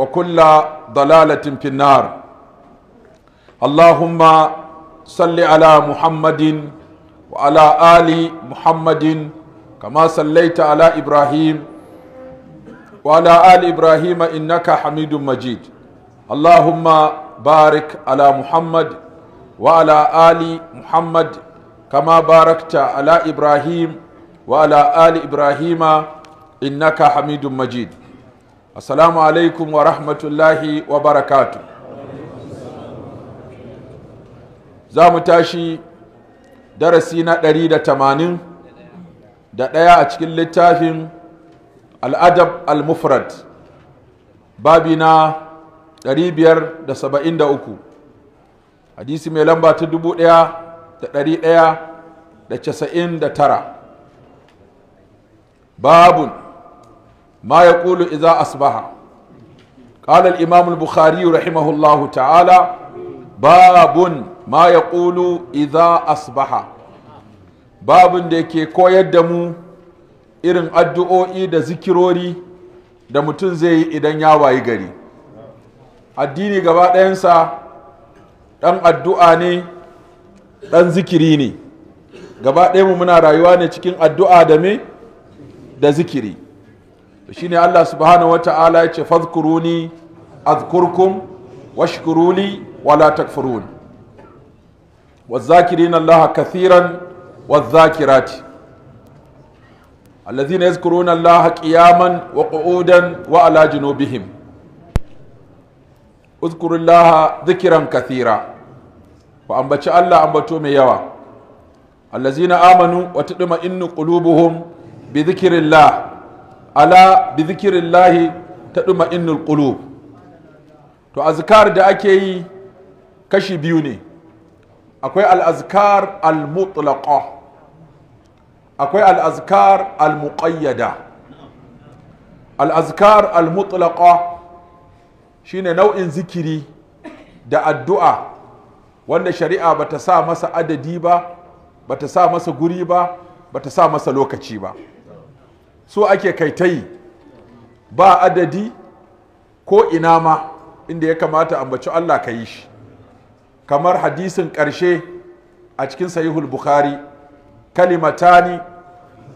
وكل ضلالة في النار اللهم صل على محمد وعلى آل محمد كما صليت على إبراهيم وعلى آل إبراهيم إنك حميد مجيد اللهم بارك على محمد وعلى آل محمد كما باركت على إبراهيم وعلى آل إبراهيم إنك حميد مجيد assalamu alaikum wa rahmatullahi wa barakatu za mu tashi darasi na ɗari da tamanin da ɗaya a cikin littafin al'adab al-mufrad babi na uku hadisi mai lamba ta dubu da da da casa'in tara babun ما يقول إذا أصبح قال الإمام البخاري رحمه الله تعالى باب ما يقول إذا أصبح babin da ke koyar da mu irin addu'o'i da zikirori da mutum zai yi idan ya wayi gari addini gaba ɗayansa ɗan addu'a ne ɗan zikiri ne gaba ɗayanmu muna rayuwa ne cikin addu'a da me da zikiri Shin shine Allah subhanahu wata'ala ya ce fadhkuruni adhkurkum washkuruli wala takfurun wazakirin Allah kathiran wazakirati allazina yadhkuruna Allah qiyaman wa qu'udan wa ala junubihim اذكر الله ذكرا كثيرا وأنبت الله أنبتو من يوا الذين آمنوا وتطمئن قلوبهم بذكر الله ala bi zikirillahi ta ɗuma innul qulub to azkar da ake yi kashi biyu ne akwai al'azkar al-mutlaqa akwai al'azkar al-muqayyada al'azkar al-mutlaqa shine nau'in zikiri da addu'a wanda shari'a bata sa masa adadi ba bata sa masa guri ba bata sa masa lokaci ba so ake kai ta yi ba adadi ko ina ma inda ya kamata ambaci Allah ka yi shi kamar hadisin ƙarshe a cikin sahihul bukhari kalimatani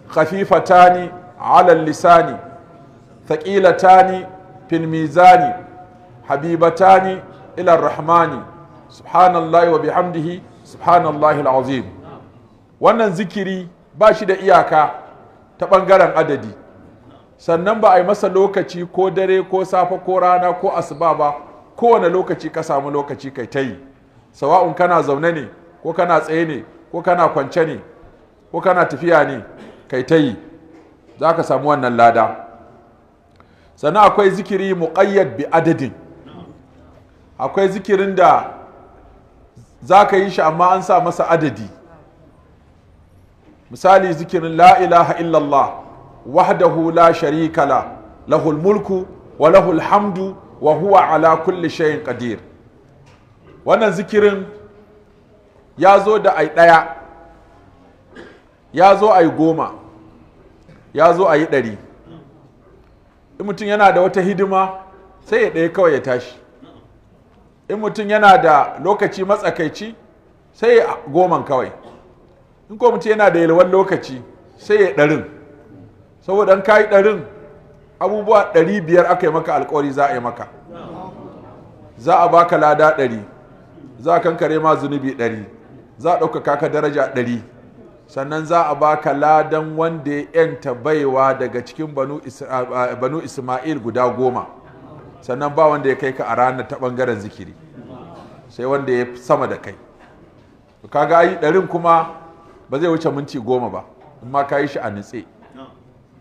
khafifatani ala lisani thaqilatani fil mizani habibatani ila rahmani subhanallahi wa bihamdihi subhanallahi alazim wannan zikiri ba shi da iyaka ta ɓangaren adadi sannan ba a yi masa lokaci ko dare ko safe ko rana ko asuba ba kowane lokaci ka samu lokaci kai ta yi sawa'un kana zaune ne ko kana tsaye ne ko kana kwance ne ko kana tafiya ne kai ta yi za ka samu wannan lada sannan akwai zikiri muƙayyad bi adadin akwai zikirin da za ka yi shi amma an sa masa adadi misali zikirin la ilaha illallah wahdahu la sharika la lahul mulku wa lahul hamdu wa huwa ala kulli shay'in qadir wannan zikirin ya zo da ai ɗaya ya zo ai goma ya zo ai ɗari in mutum yana da wata hidima sai ya ɗaya kawai ya tashi in mutum yana da lokaci matsakaici sai ya goman kawai in ko mutum yana da yalwan lokaci sai ya ɗarin saboda an kayi ɗarin abubuwa ɗari biyar aka yi maka alkawari za a yi maka za a baka lada ɗari za a kankare ma zunubi ɗari za a ɗaukaka ka daraja ɗari sannan za a baka ladan wanda ya yanta baiwa daga cikin banu isma'il guda goma sannan ba wanda ya kai ka a ranar ta ɓangaren zikiri sai wanda ya sama da kai kaga ayi ɗarin kuma ba zai wuce minti goma ba amma ka yi shi a nitse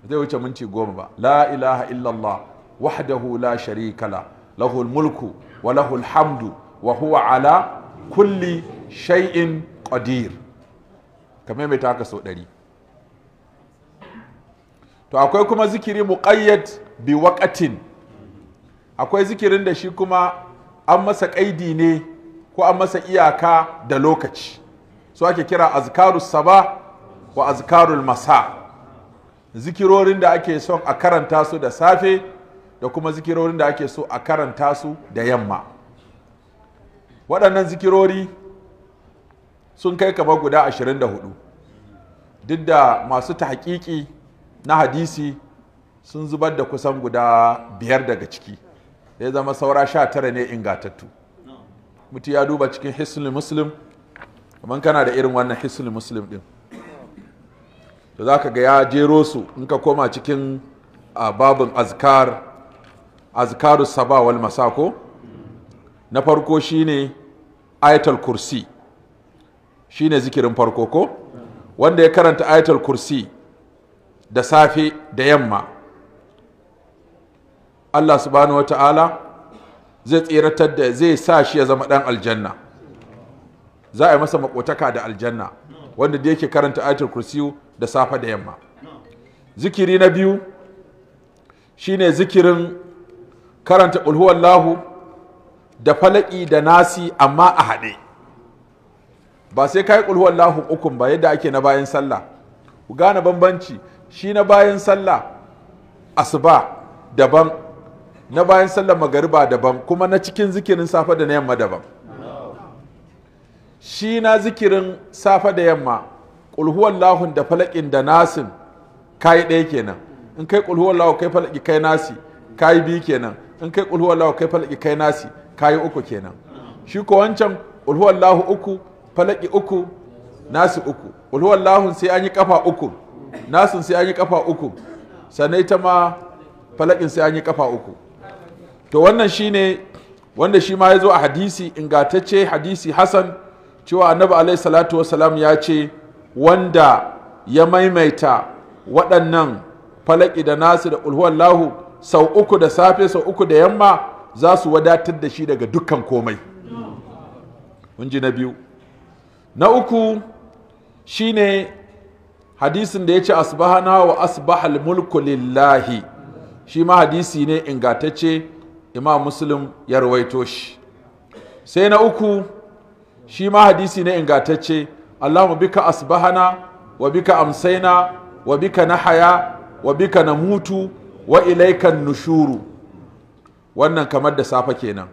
zai wuce minti goma ba la ilaha illallah wahdahu la sharika la lahul mulku wa lahul hamdu wa huwa ala kulli shay'in qadir ka mai taka so ɗari to akwai kuma zikiri muqayyad bi waqatin akwai zikirin da shi kuma an masa ƙaidi ne ko an masa iyaka da lokaci su ake kira azkaru saba wa azkarul masa zikirorin da ake son a karanta su da safe da kuma zikirorin da ake so a karanta su da yamma waɗannan zikirori sun kai kamar guda 24 duk da masu ta na hadisi sun zubar da kusan guda biyar daga ciki ya zama saura sha tara ne ingatattu mutu ya duba cikin hisnul muslim kamar kana da irin wannan hisli muslim din to za ka ga ya jero su in ka koma cikin ah, babin azkar azkaru saba wal masako na farko shine ayatul kursi shine zikirin farko ko wanda ya karanta ayatul kursi da safe da yamma Allah subhanahu Ta'ala zai tsiratar da zai sa shi ya zama dan aljanna za a yi masa makotaka da aljanna wanda da yake karanta ayatul kursiyu da safe da yamma zikiri na biyu shine zikirin karanta ulhuwallahu da falaki da nasi amma a haɗe ba sai ka yi ulhuwallahu ukun ba yadda ake na bayan sallah ku gane bambanci shi na bayan sallah asuba daban na bayan sallah magariba daban kuma na cikin zikirin safe da na yamma daban shi na zikirin safe da yamma lahun da falakin da nasin kayi ɗaya kenan in kai lahun kai falaki kai nasi kayi biyu kenan in kai lahun kai falaki kai nasi kayi uku kenan shi ko wancan lahun uku falaki uku nasi uku lahun sai an yi kafa uku nasin sai an yi kafa uku sannan ita ma falakin sai an yi kafa uku to wannan shine wanda shi ma ya zo a hadisi ingantacce hadisi hasan cewa annabi alaihi salatu wasalam ya ce wanda ya maimaita waɗannan falaki da nasu da ulhuwallahu sau uku da safe sau uku da yamma za su wadatar da shi daga dukkan komai ji na biyu na uku shine hadisin da ya ce asbahana wa asbahal mulku lillahi shi ma hadisi ne ingatacce imam muslim ya rawaito shi sai na uku shi ma hadisi ne ingatacce Allahumma bika asbahana wa bika amsaina wa bika nahaya wa bika namutu wa ilaikan nushuru wannan kamar da safa kenan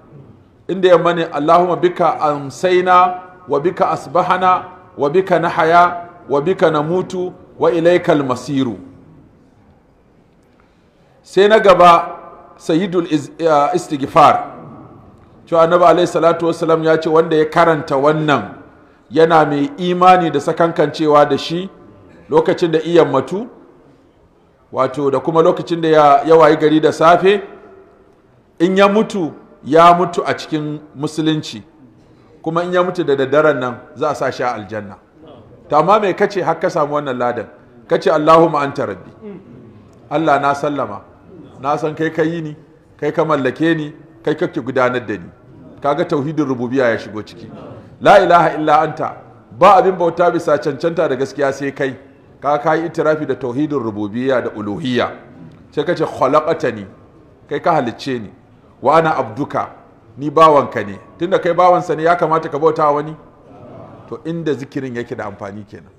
inda yamma ne Allahumma bika amsaina wa bika asbahana wa bika nahaya wa bika namutu wa ilaika masiru sai na gaba sayyidul eh, istighfar cewa annabi alaihi salatu wasalam ya ce wanda ya karanta wannan yana mai imani da sakankancewa da shi lokacin da iyan matu wato da kuma lokacin da ya wayi gari da safe in ya mutu ya mutu a cikin musulunci kuma in ya mutu da daddaren nan za a sa shi a aljanna ta amma mai kace har ka samu wannan ladan kace Allahumma anta rabbi Allah na sallama na san kai ka yi ni kai ka mallake ni kai kake gudanar da ni kaga tauhidin rububiya ya shigo ciki la ilaha illa anta ba abin bauta bisa cancanta da gaskiya sai kai ka ka yi itirafi da tauhidin rububiya da uluhiyya sai kace khalaqatani kai ka halicce ni wa ana abduka ni bawanka ne tunda kai bawansa ne ya kamata ka bauta wani to inda zikirin yake da amfani kenan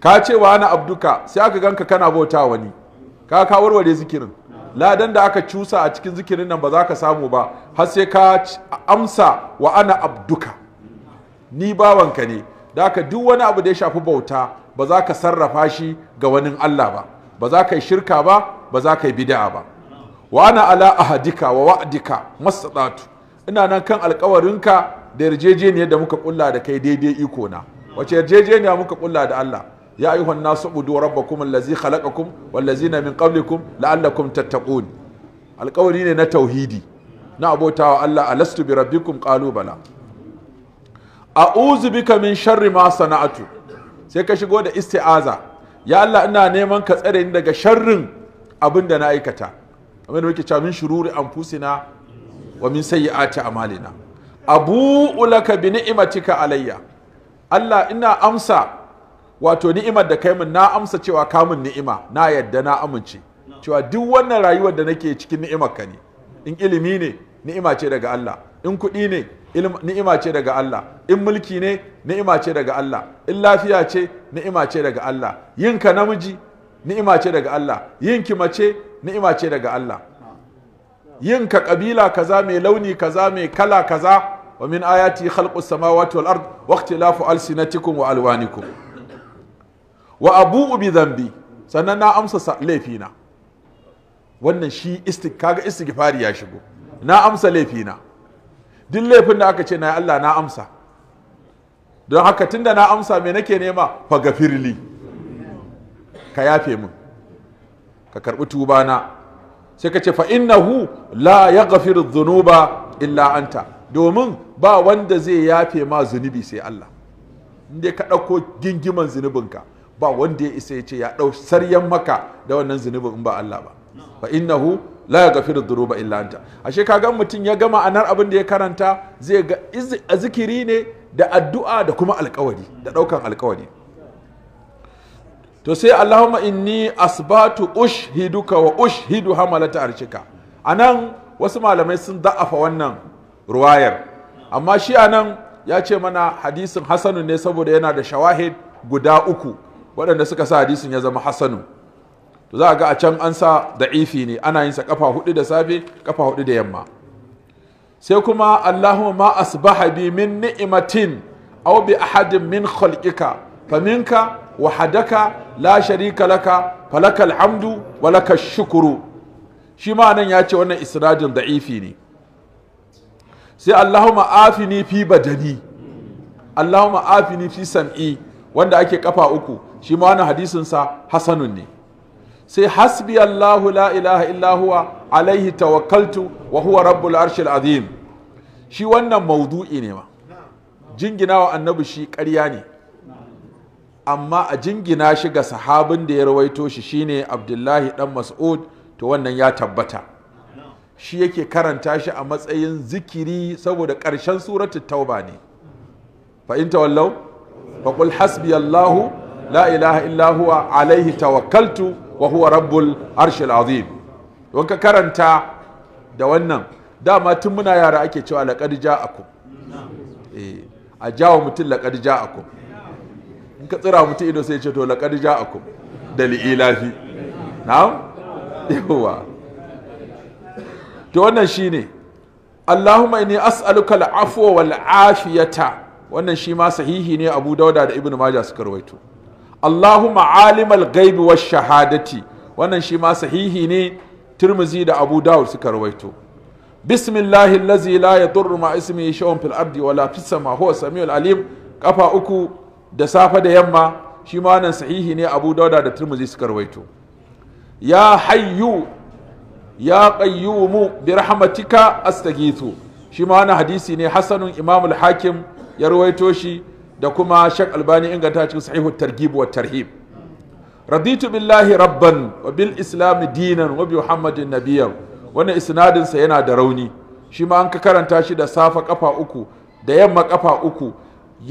ka ce wa ana abduka sai aka ganka kana bauta wani ka ka warware zikirin ladan da aka cusa a cikin zikirin nan ba za ka samu ba har sai ka amsa wa ana abduka ni bawanka ne da aka duk wani abu da ya shafi bauta ba za ka sarrafa shi ga wani Allah ba ba za ka yi shirka ba ba za ka yi bid'a ba wa ana ala ahadika wa wa'dika mastata'tu ina nan kan alkawarinka da yarjejeniyar da muka kulla da kai daidai iko na wace yarjejeniya muka kulla da Allah ya ayyuhan nasu budu rabbakum allazi khalaqakum wallazina min qablikum la'allakum tattaqun alƙawari ne na tauhidi na abotawa Allah alastu bi rabbikum qalu bala a'udhu bika min sharri ma sana'atu sai ka shigo da isti'aza ya Allah ina neman ka tsare daga sharrin abin da na aikata abin da muke cewa min shururi anfusina wa min sayyi'ati amalina abu'u laka bi ni'matika alayya Allah ina amsa wato ni'imar da kai min na amsa cewa kamun ni'ima na yadda na amince cewa duk wannan rayuwar da nake cikin ni'imar ka ne in ilimi ne ni'ima ce daga Allah in kuɗi ne ni'ima ce daga Allah in mulki ne ni'ima ce daga Allah in lafiya ce ni'ima ce daga Allah yin ka namiji ni'ima ce daga Allah yin ki mace ni'ima ce daga Allah yin ka kabila kaza mai launi kaza mai kala kaza wa min ayati khalqus samawati wal ard wa ikhtilafu alsinatikum wa alwanikum wa abu bi zambi sannan na amsa laifina wannan shi istik kaga istighfari ya shigo na amsa laifina duk laifin da aka ce na Allah na amsa don haka tunda na amsa me nake nema gafirli ka yafe min ka karbi tuba na sai ka ce fa innahu la yaghfiru dhunuba illa anta domin ba wanda zai yafe ma zunubi sai Allah inda ka ɗauko gingiman zunubinka ba wanda ya isa ya ce ya ɗau saryan maka da wannan zunubin in ba Allah ba fa innahu la yaghfiru dhunuba illa anta ashe ga mutum ya gama anar abin da ya karanta zai ga zikiri ne da addu'a da kuma alƙawari da ɗaukan alƙawari. to sai Allahumma inni asbatu ushhiduka wa ushhidu hamalata arshika anan wasu malamai sun da'afa wannan ruwayar amma shi anan ya ce mana hadisin hasanu ne saboda yana da shawahid guda uku waɗanda suka sa hadisin ya zama hasanu to za a ga a can an sa da'ifi ne ana yin sa kafa hudu da safe kafa hudu da yamma sai kuma Allahumma ma asbaha bi min ni'matin aw bi ahadin min khalqika faminka wahadaka la sharika laka falakal hamdu wa laka shukuru shi ma nan ya ce wannan isnadin da'ifi ne sai Allahumma afini fi badani Allahumma afini fi sam'i wanda ake kafa uku shi ma wannan hadisin sa hasanun ne sai hasbi Allahu la ilaha illa huwa alaihi tawakkaltu wa huwa rabbul arshil azim shi wannan maudu'i ne ma jinginawa annabi shi ƙarya ne amma a jingina shi ga sahabin da ya rawaito shi shine Abdullahi dan Mas'ud to wannan ya tabbata shi yake karanta shi a matsayin zikiri saboda ƙarshen suratul tauba ne fa in tawallau faqul hasbi Allahu la ilaha illa alaihi tawakkaltu wa huwa rabbul arshil azim don ka karanta da wannan dama tun muna yara ake cewa laqad ja'akum eh a jawo mutum laqad ja'akum in ka tsira mutum ido sai ya to laqad ja'akum da li'ilafi na'am yawa to wannan shine Allahumma inni as'aluka al-afwa wannan shi ma sahihi ne Abu Dauda da Ibn maja suka rawaito Allahumma alimal gaibi wa shahadati wannan shi ma sahihi ne Tirmizi da Abu suka rawaito bismillahi lazila ya yadurru ma ismihi shay'un fil ardi wala fis alim kafa uku da safe da yamma shi sahihi ne Abu Dawud da Tirmizi suka rawaito ya hayyu ya qayyumu bi rahmatika astaghithu shi ma wannan hadisi ne Hassanun imamul hakim ya rawaito shi da kuma shak albani inganta cikin sahihu targhib wa tarhib raditu billahi rabban wa bil islam dinan wa bi muhammadin nabiyyan wannan isnadin sa yana da rauni shi ma an ka karanta shi da safa kafa uku da yamma kafa uku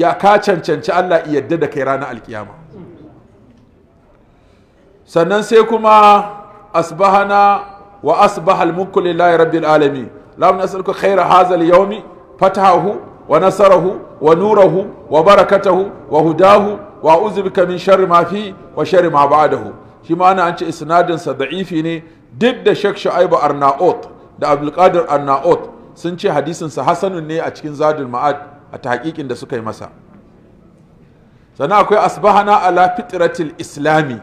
ya ka cancanci Allah ya yadda da kai ranar alkiyama sannan sai kuma asbahana wa asbahal mulku lillahi rabbil alamin lam nas'aluka khayra hadha al-yawmi fatahu ونصره ونوره وبركته وهداه وأعوذ بك من شر ما فيه وشر ما بعده شما أنا أنت إسناد ضعيفني ضد شك شعيب أرناؤوت da Abdulkadir Arnaut sun ce hadisinsa hasanun ne a cikin Zadul Ma'ad a tahakikin da suka yi masa sannan akwai asbahana ala fitratil islami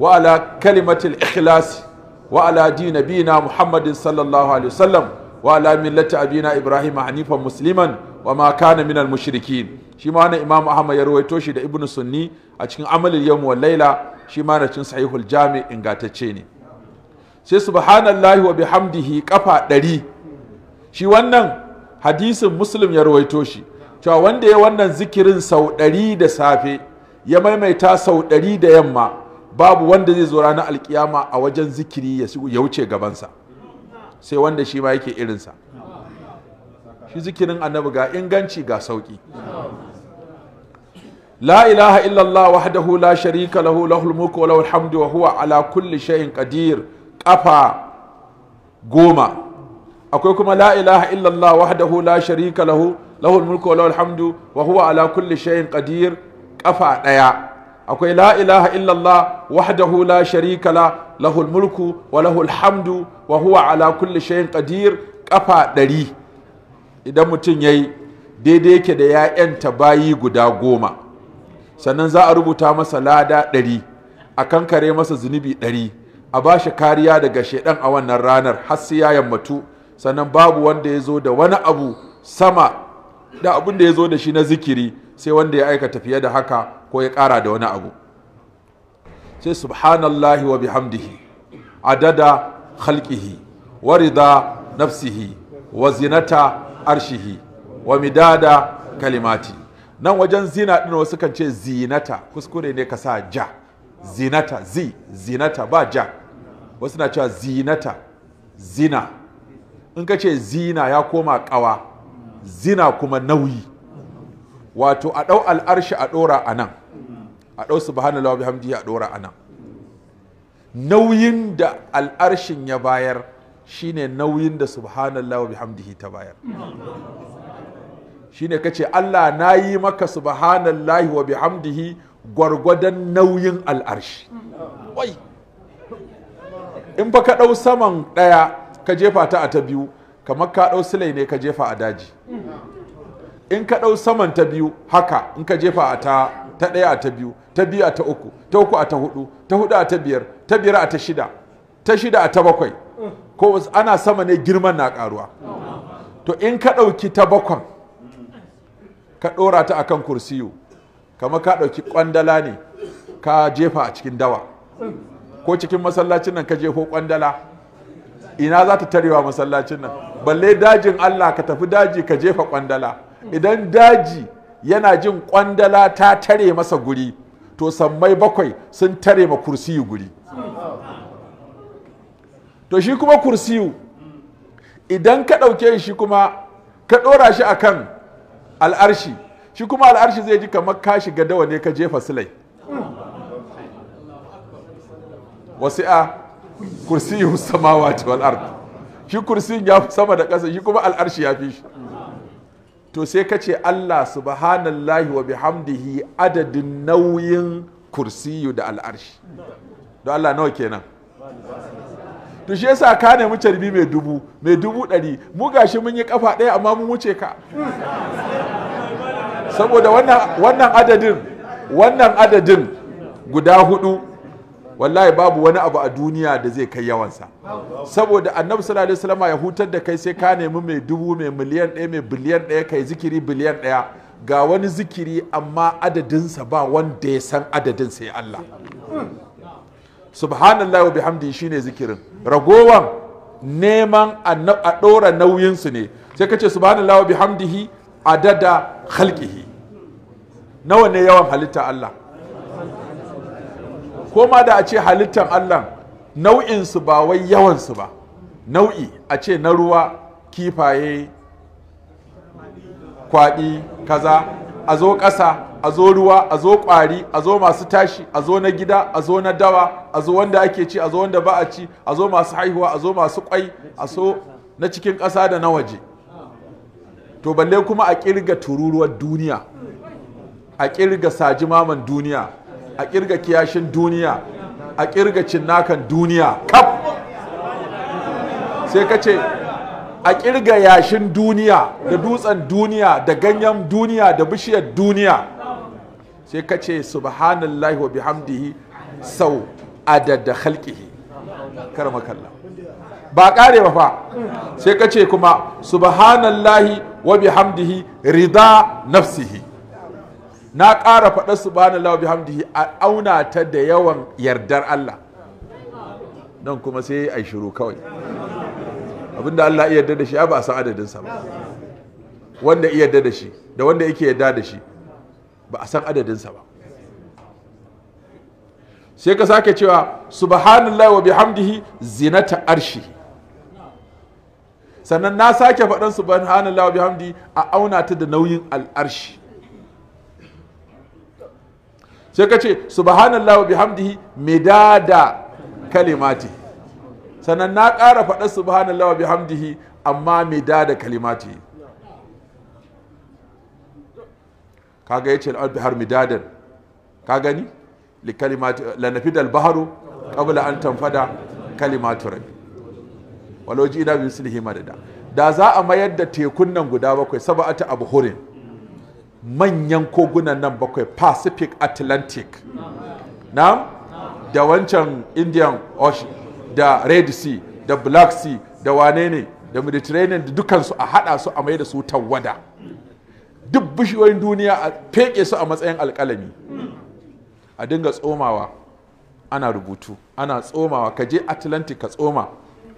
wa ala kalimatil ikhlas wa ala dinabina Muhammadin sallallahu alaihi wasallam wa ala millati abina Ibrahim hanifan musliman wa ma kana minal mushrikin shi ma wannan imamu ahmad ya rawaito shi da ibnu sunni a cikin amalil yawm wal laila shi ma na cikin sahihul jami ingantacce ne sai subhanallahi wa bihamdihi kafa ɗari shi wannan hadisin muslim ya rawaito shi cewa wanda ya wannan zikirin sau ɗari da safe ya maimaita sau ɗari da yamma babu wanda zai zo ranar alkiyama a wajen zikiri ya wuce gabansa sai wanda shi ma yake irinsa shi zikirin annabi ga inganci ga sauki la ilaha illallah wahdahu la sharika lahu lahul mulku wa lahul hamdu wa huwa ala kulli shay'in qadir kafa goma akwai kuma la ilaha illallah wahdahu la sharika lahu lahul mulku wa lahul hamdu wa huwa ala kulli shay'in qadir kafa daya akwai la ilaha illallah wahdahu la sharika la lahul mulku wa lahul hamdu wa huwa ala kulli shay'in qadir kafa ɗari idan mutum ya yi daidai yake da ‘ya'yanta bayi guda goma sannan za a rubuta masa lada ɗari a kan kare masa zunubi ɗari a ba shi kariya daga shaidan a wannan ranar har sai ya yammatu sannan babu wanda ya zo da wani abu sama da abin da ya zo da shi na zikiri sai wanda ya aikata fiye da haka ko ya kara da wani abu sai subhanallahi wa bihamdihi adada khalqihi wa rida nafsihi wa zinata arshihi wa midada kalimati nan wajen zina ɗin wasu kan ce zinata kuskure ne ka sa ja zinata zi zinata ba ja wasu na cewa zinata zina in ka ce zina ya koma ƙawa zina kuma nauyi wato a ɗau al'arshi a ɗora a nan a ɗau lawabi hamdi a ɗora a nan nauyin da al'arshin ya bayar shine nauyin da subhanallah wa bihamdihi ta bayar shine kace Allah na yi maka subhanallah wa bihamdihi gwargwadon nauyin al'arshi wai in fa ka ɗau saman ɗaya ka jefa ta a ta biyu kamar ka ɗau silai ne ka jefa a daji in ka ɗau saman ta biyu haka in ka jefa a ta ta ɗaya a ta biyu ta biyu a ta uku ta uku a ta hudu ta hudu a ta biyar ta biyar a ta shida ta shida a ta bakwai ko ana sama ne girman na karuwa to in ka ɗauki ta bakon ka ɗora ta akan kursiyu kama ka ɗauki ƙwandala ne ka jefa a cikin dawa ko cikin masallacin nan ka jefo ƙwandala ina za ta tarewa masallacin nan balle dajin allah ka tafi daji ka jefa ƙwandala idan daji yana jin ƙwandala ta tare masa guri to sammai bakwai sun tare ma kursiyu guri to shi kuma kursiyu idan ka ɗauke shi kuma ka ɗora shi a kan al'arshi shi kuma al'arshi zai ji kamar ka shiga dawa ne ka jefa silai wasu a kursiyu samawa ce al'arshi shi kursiyun ya fi sama da ƙasa shi kuma al'arshi ya fi shi to sai ka ce Allah subhanallahi wa bihamdihi adadin nauyin kursiyu da al'arshi don Allah nawa kenan to shi yasa ka nemi carbi mai dubu mai dubu ɗari mu gashi mun yi kafa ɗaya amma mun wuce ka saboda wannan adadin wannan adadin guda hudu wallahi babu wani abu a duniya da zai kai yawansa saboda annabi sallallahu alaihi wasallam ya hutar da kai sai ka nemi mai dubu mai miliyan ɗaya mai biliyan ɗaya kai zikiri biliyan ɗaya ga wani zikiri amma adadinsa ba wanda ya san adadin sai Allah subhanallahi wa bihamdi shine zikirin ragowan neman a ɗora nauyinsu ne sai ka ce subhanallah wa bihamdihi adada khalqihi nawa ne yawan halittar Allah Koma da a ce halittar Allah nau'insu ba wai yawansu ba nau'i a ce na ruwa kifaye kwaɗi kaza a zo ƙasa a zo ruwa a zo ƙwari a zo masu tashi a zo na gida a zo na dawa a zo wanda ake ci a zo wanda ba a ci a zo masu haihuwa a zo masu ƙwai a so na cikin ƙasa da na waje to balle kuma a ƙirga tururuwar duniya a ƙirga sajimaman duniya a ƙirga kiyashin duniya a ƙirga cinnakan duniya kaf sai ka ce a kirga yashin duniya da dutsen duniya da ganyen duniya da bishiyar duniya sai ka ce subhanallahi wa bihamdihi sau adada halkihi karma kalla ba kare ba fa sai ka ce kuma subhanallah wa bihamdihi rida nafsihi na ƙara faɗa subhanallah wa bihamdihi a auna ta da yawan yardar Allah nan kuma sai ai shiru kawai abinda Allah iya yarda da shi ba a san adadin sa ba wanda iya yarda da shi da wanda yake yarda da shi ba a san adadin sa ba sai ka sake cewa subhanallah wa bihamdihi zinata arshi sannan na sake faɗan subhanallah wa bihamdi a auna ta da nauyin al'arshi sai ka ce subhanallah wa bihamdihi midada kalimati sannan na ƙara faɗa subhanallah wa bihamdihi amma mai da da kalimati kaga yace al har midadan ka gani li kalimati la nafidal bahru qabla an tanfada kalimatu rabbi walau ji ina bislihi madada da za a mayar da tekun nan guda bakwai sab'ata abhurin manyan kogunan nan bakwai pacific atlantic na da wancan indian ocean da red sea da black sea da wane ne da mediterranean da dukansu a haɗa su a mai da su tawada duk bishiyoyin duniya a feke su a matsayin alkalami a dinga tsomawa ana rubutu ana tsomawa ka je atlantic ka tsoma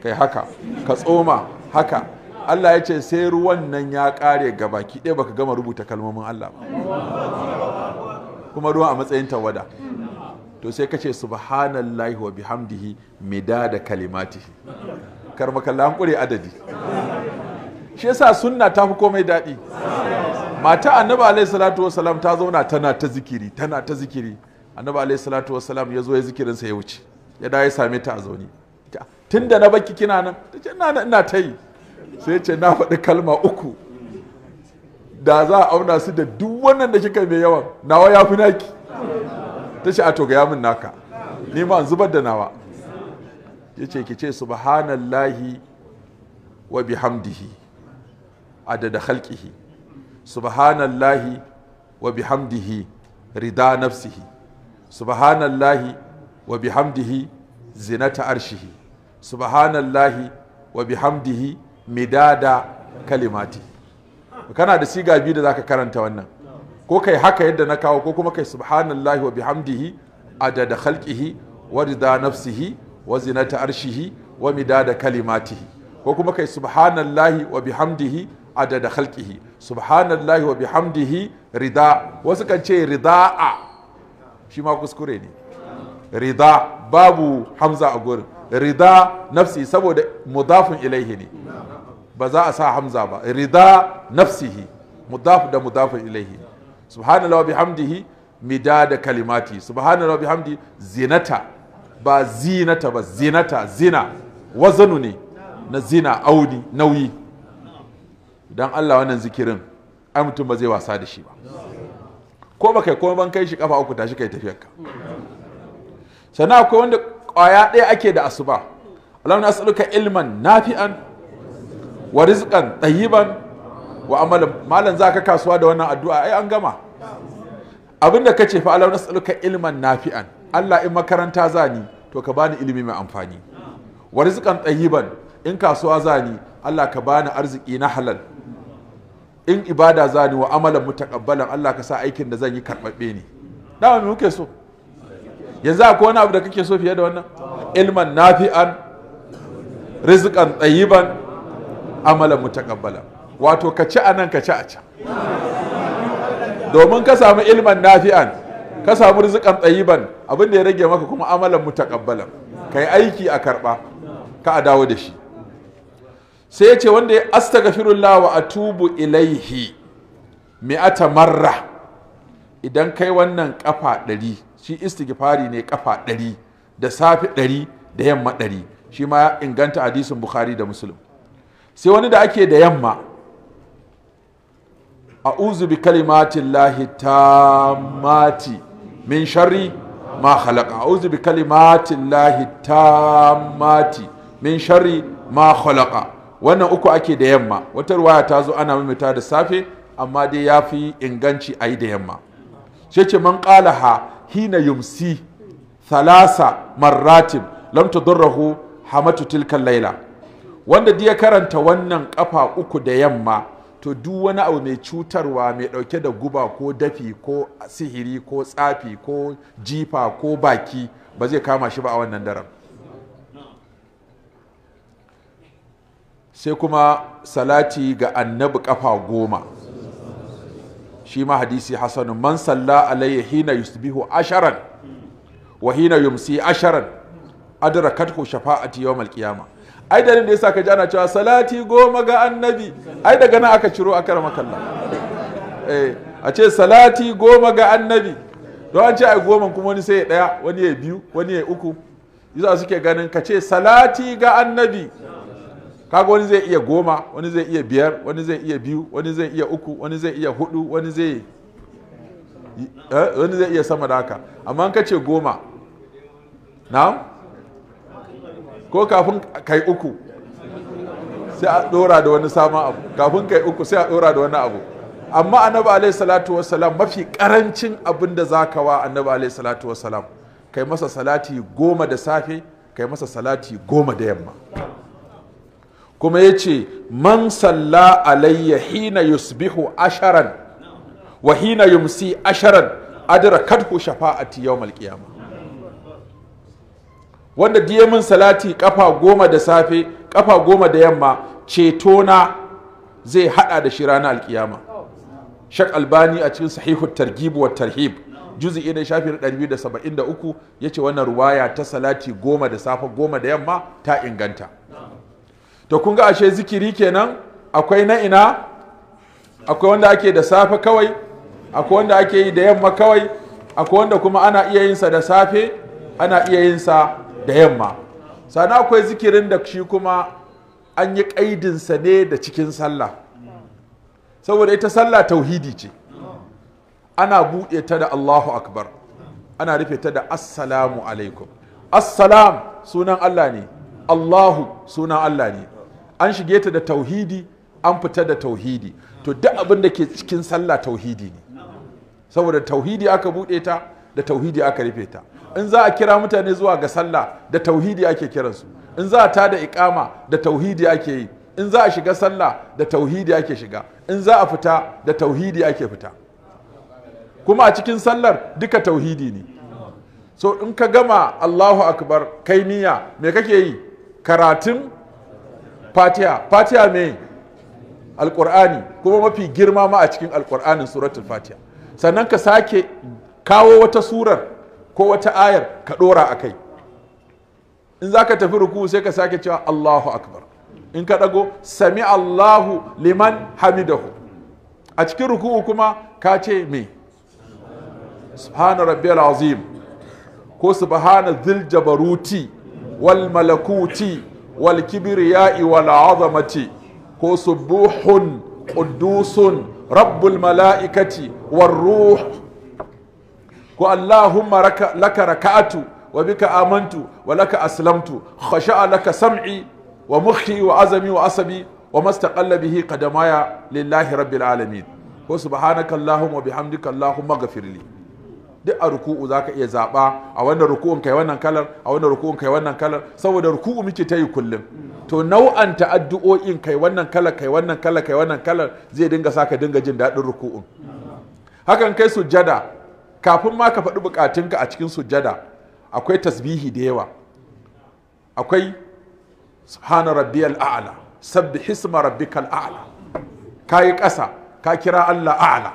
kai haka ka tsoma haka allah ya ce sai ruwan nan ya kare ga baki ɗaya baka gama rubuta kalmomin allah ba kuma ruwan a matsayin tawada to sai ka ce subhanallahi wa bihamdihi midada kalimatihi kar makalla an kure adadi shi yasa sunna ta fi komai daɗi mata annabi alaihi salatu wasalam ta zauna tana ta zikiri tana ta zikiri annabi alaihi salatu wasalam ya zo ya zikirin ya wuce ya dawo ya same ta a zaune tun da na baki kina nan ta ce ina ina ta yi sai ce na faɗi kalma uku da za a auna su da duk wannan da kika mai yawan nawa ya fi naki ta ce a to yamin naka ni ma zubar da nawa ya ce ki ce subhanallahi wa bihamdihi adada halkihi. subhanallahi wa bihamdihi rida nafsihi subhanallahi wa bihamdihi zinata arshihi subhanallahi wa bihamdihi midada kalimati kana da siga biyu da zaka karanta wannan ko kai haka yadda na kawo ko kuma kai subhanallahi wa bihamdihi adada khalqihi wa rida nafsihi wa zinata arshihi wa midada kalimatihi ko kuma kai subhanallahi wa bihamdihi adada khalqihi subhanallahi wa bihamdihi rida wasu kan ce rida'a shi ma kuskure ne rida babu hamza a gurin rida nafsi saboda mudafin ilaihi ne ba za a sa hamza ba rida nafsihi mudaf da mudafin ilaihi subhanallah wa bihamdihi midada kalimati subhanallah wa bihamdi zinata ba zinata ba zinata zina wazanu ne na zina auni nauyi dan Allah wannan zikirin ai mutum ba zai wasa da shi ba ko ba kai ko ban kai shi kafa uku tashi kai tafiyarka sannan akwai wanda kwaya ɗaya ake da asuba na as'aluka ilman nafi'an wa rizqan tayyiban wa amalan malam za ka kasuwa da wannan addu'a ai an gama abinda ka ce fa Allah nas'aluka ilman nafi'an Allah in makaranta zani to ka bani ilimi mai amfani wa rizqan tayyiban in kasuwa zani Allah ka bani arziki na halal in ibada zani wa amalan mutakabbalan Allah ka sa aikin da zan yi karbabbe ne dama me muke so yanzu akwai wani abu da kake so fiye da wannan ilman nafi'an rizqan tayyiban amalan mutakabbalan wato ka ci a nan ka ci a can domin ka samu ilman nafi'an ka samu rizikan tsayiban abin da ya rage maka kuma amalan mutakabbalan ka yi aiki a karɓa ka a dawo da shi sai ya ce wanda ya astaghfirullah wa tubu ilaihi ata marra idan kai wannan kafa ɗari shi istighfari ne kafa ɗari da safi ɗari da yamma ɗari shi ma ya inganta hadisin bukhari da muslim sai wani da ake da yamma a'udhu bi kalimatin lahi mati min shari ma khalaqa a'udhu bi kalimatin lahi mati min shari ma wannan uku ake da yamma wata ruwaya ta zo ana mimita da safe amma dai ya fi inganci a yi da yamma shi ce man ha hina yumsi thalasa marratin lam tudurrahu hamatu tilkan laila wanda ya karanta wannan kafa uku da yamma to duk wani abu mai cutarwa mai dauke da guba ko dafi ko sihiri ko tsafi ko jifa ko baki ba zai kama shi ba a wannan daren sai kuma salati ga annabi kafa goma shi ma hadisi hassanu man salla alayya hina yusbihu asharan wa hina yumsi asharan adrakathu shafa'ati yawm al malkiyama. ai da da yasa ka ji ana cewa salati goma ga annabi ai daga nan aka ciro kar makalla eh a ce salati goma ga annabi don an ce ai goma kuma wani sai ya daya wani ya biyu wani ya uku yasa suke ganin ka ce salati ga annabi kaga wani zai iya goma wani zai iya biyar wani zai iya biyu wani zai iya uku wani zai iya hudu wani zai eh, wani zai iya sama da haka amma an kace goma na'am ko kafin kai uku sai a ɗora da wani sama abu kafin kai uku sai a dora da wani abu amma annabi alaihi salatu wassalam mafi karancin abin da zaka wa annabi alaihi salatu wassalam kai masa salati goma da safe kai masa salati goma da yamma kuma ya ce man salla alayya hina yusbihu asharan wa hina yumsi asharan adrakathu shafa'ati yawmal qiyamah wanda diyamin salati kafa goma da safe kafa goma da yamma ceto na zai hada da shira na alkiyama shak albani a cikin sahihu targibu wa tarhib juz'i na uku, ya ce wannan ruwaya ta salati goma da safe goma da yamma ta inganta to kun ga ashe zikiri kenan akwai na ina akwai wanda ake da safe kawai akwai wanda ake yi da yamma kawai akwai wanda kuma ana iya yinsa da safe ana iya yinsa da yamma sannan akwai zikirin da shi kuma an yi ƙaidinsa ne da cikin sallah saboda ita sallah tauhidi ce ana buɗe ta da allahu akbar ana rufe ta da assalamu alaikum assalam sunan allah ne allahu sunan allah ne an shige ta da tauhidi an fita da tauhidi to duk abin da ke cikin sallah tauhidi ne saboda tauhidi aka buɗe ta da tauhidi aka rufe ta in za a kira mutane zuwa ga sallah da tauhidi ake kiransu in za a tada ikama da tauhidi ake yi in za a shiga sallah da tauhidi ake shiga in za a fita da tauhidi ake fita kuma a cikin sallar duka tauhidi ne so in ka gama allahu akbar kai niyya me kake yi karatun fatiha fatiha me alkur'ani kuma mafi girma ma a cikin alkur'anin suratul fatiha sannan ka sake kawo wata surar ko wata ayar ka ɗora a kai in za ka tafi ruku sai ka sake cewa Allahu akbar in ka ɗago sami Allahu liman hamidahu a cikin ruku kuma ka ce me subhana rabbiyal azim ko subhana dhil jabaruti wal malakuti wal kibriya'i wal azamati ko subuhun quddusun rabbul mala'ikati war ruh ko Allahumma raka laka raka'atu wa bika amantu wa laka aslamtu khasha'a laka sam'i wa mukhi wa azami wa asabi wa mastaqalla bihi qadamaya lillahi rabbil alamin ko subhanaka allahumma bihamdika allahumma ghafirli duk a ruku'u zaka iya zaba a wannan ruku'un kai wannan kalar a wannan ruku'un kai wannan kalar saboda ruku'u muke ta yi kullum to nau'an ta'addu'o'in kai wannan kalar kai wannan kalar kai wannan kalar zai dinga saka dinga jin daɗin ruku'un hakan kai sujada. kafin ma ka faɗi bukatunka a cikin sujada, akwai tasbihi da yawa akwai subhana rabbiyal a'ala. sabbi hisma rabbikal Ka yi ƙasa ka kira Allah a'ala.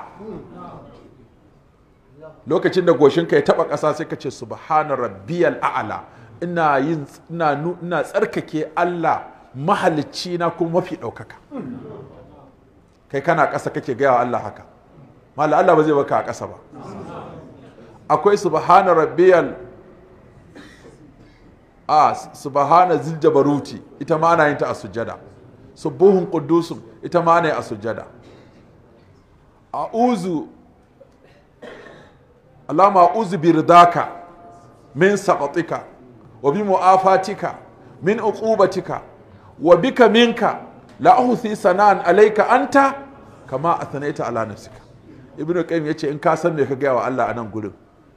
lokacin da goshin ka ya taɓa ƙasa sai ka ce subhana rabbiyal a'la ina yin ina tsarkake Allah mahalicci na kuma mafi ɗaukaka kai kana ƙasa kake gaya wa Allah haka mala Allah ba zai baka a ƙasa ba akwai subhana rabbiyal a subhana ziljabaruti ita ma ana yin ta a sujjada subuhun kudusun ita ma ana yi a sujjada a'uzu uzu a'uzu birdaka min saqatika wa bi mu'afatika min uqubatika wa bika minka la uhsi sana'an alayka anta kama athnaita ala nafsika ibnu qayyim yace in ka san me ka gaya wa Allah a nan gurin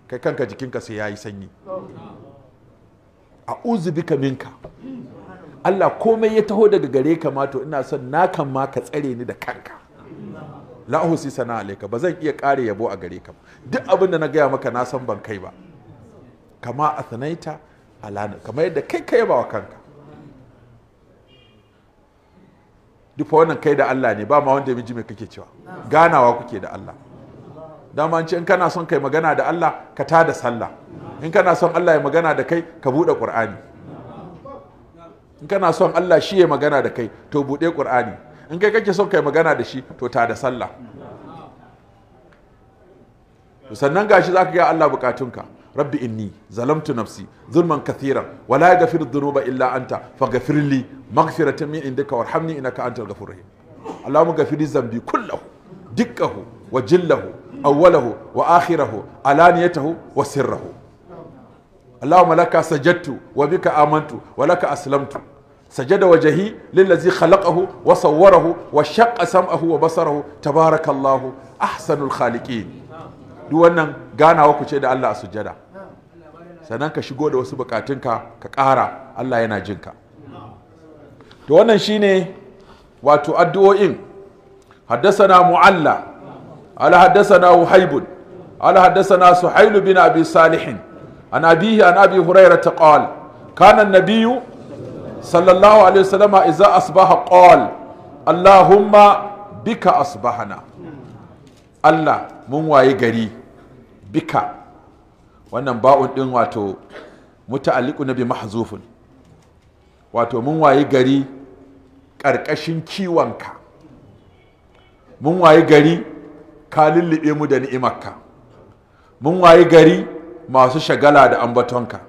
kai kanka jikinka sai ya yi sanyi a bika minka Allah komai ya taho daga gare ka ma to ina son na ma ka tsare ni da kanka la sana alaika ba zan iya kare yabo a gare ka ba duk abin da na gaya maka na san ban kai ba kama a athanaita alana kama yadda kai ka yaba wa kanka duk wannan kai da Allah ne ba ma wanda ya miji mai kake cewa ganawa kuke da Allah dama ce in kana son kai magana da Allah ka tada sallah in kana son Allah ya magana da kai ka buɗe Qur'ani in kana son Allah shi ya magana da kai to buɗe Qur'ani in kai kake son kai magana da shi to tada sallah sannan gashi zaka ga Allah bukatunka rabbi inni zalamtu nafsi zulman kathiran wa la yaghfiru dhunuba illa anta faghfir li maghfiratan min indika warhamni innaka antal ghafurur rahim allahumma ghafir dhanbi kullahu dikkahu wa jillahu awwalahu wa akhirahu alaniyatahu wa sirrahu اللهم لك سجدت وبك آمنت ولك أسلمت سجد وجهي للذي خلقه وصوره وشق سمعه وبصره تبارك الله أحسن الخالقين ganawa ku da Allah a sannan ka shigo da wasu bukatunka ka ƙara Allah yana jinka to wannan shine wato addu'o'in haddasa mu'alla قال حدثنا وهيب قال حدثنا سحيل بن ابي صالح عن ابيه عن ابي هريره قال كان النبي صلى الله عليه وسلم اذا اصبح قال اللهم بك اصبحنا الله mun waye gari bika wannan ba'un din wato muta'alliqu nabi mahzufun wato mun waye gari ƙarƙashin kiwonka mun waye gari ka lullube mu da ni'imarka mun wayi gari masu shagala da ambatonka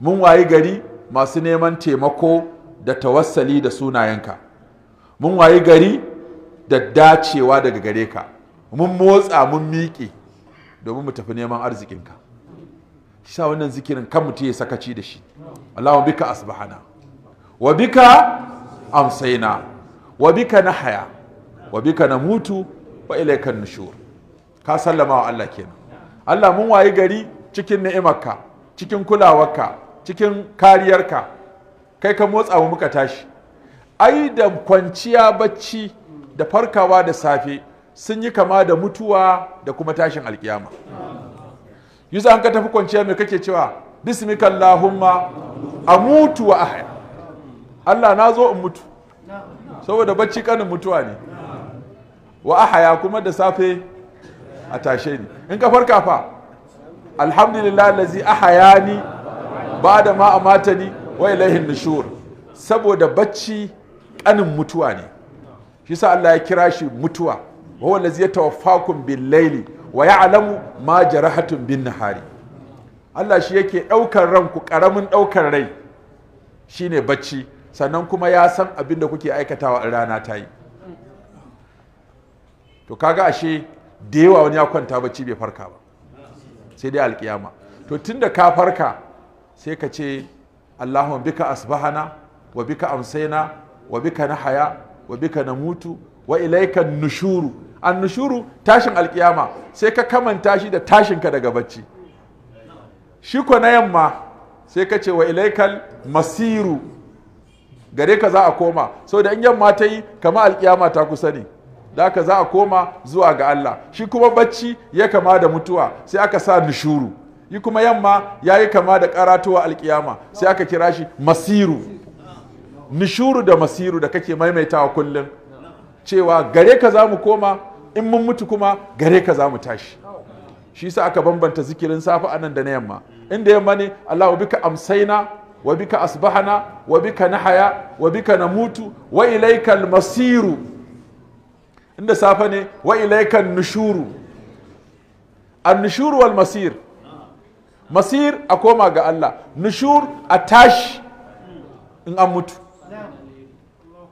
mun wayi gari masu neman taimako da tawassali da sunayenka mun wayi gari da dacewa daga gare ka mun motsa mun miƙe domin mu tafi neman arzikinka sa wannan zikirin kan mutum ya sakaci da shi Allahumma bika asbahana wa bika amsaina wa bika haya. wa bika na mutu. wa ilaikan nushur ka sallama wa Allah kenan Allah mun wayi gari cikin ni'imarka cikin kulawarka cikin kariyarka kai ka motsa mu muka tashi ai da kwanciya bacci da farkawa da safe sun yi kama da mutuwa da kuma tashin alkiyama yuzu an ka tafi kwanciya mai kake cewa bismikallahumma amutu wa ahya Allah na zo in mutu saboda bacci kanin mutuwa ne wa ahaya kuma da safe a tashe ni in ka farka fa alhamdulillah allazi ni. ba da ma ni. wa ilaihi nushur saboda bacci kanin mutuwa ne shi sa Allah ya kira shi mutuwa wa allazi yatawaffakum bil laili wa ya'lamu ma jarahatun bin nahari Allah shi yake daukar ranku karamin daukar rai shine bacci sannan kuma ya san abin da kuke aikatawa in rana ta yi to kaga ashe da yawa wani ya kwanta bacci bai farka ba sai dai alkiyama to tunda ka farka sai ka ce allahumma bika asbahana wa bika amsaina wa bika nahaya wa bika namutu wa ilaika nushuru an nushuru tashin alkiyama sai ka kamanta shi da tashinka daga bacci shi na yamma sai ka ce wa ilaikal masiru gare ka za a koma saboda in yamma ta yi kama alkiyama ta kusa ne da aka za a koma zuwa ga Allah shi kuma bacci ya kama da mutuwa sai aka sa nishuru yi kuma yamma ya yi kama da karatuwa alkiyama sai aka kira shi masiru nishuru da masiru da kake maimaitawa kullum cewa gare ka za mu koma in mun mutu kuma gare ka za mu tashi shi sa aka bambanta zikirin safe anan da na yamma inda yamma ne Allahu bika amsaina wa bika asbahana wa bika nahaya wa bika namutu wa ilaikal masiru inda safe ne wa ilaikan nushuru an nushuru wal masir masir a koma ga Allah nushur a tashi in an mutu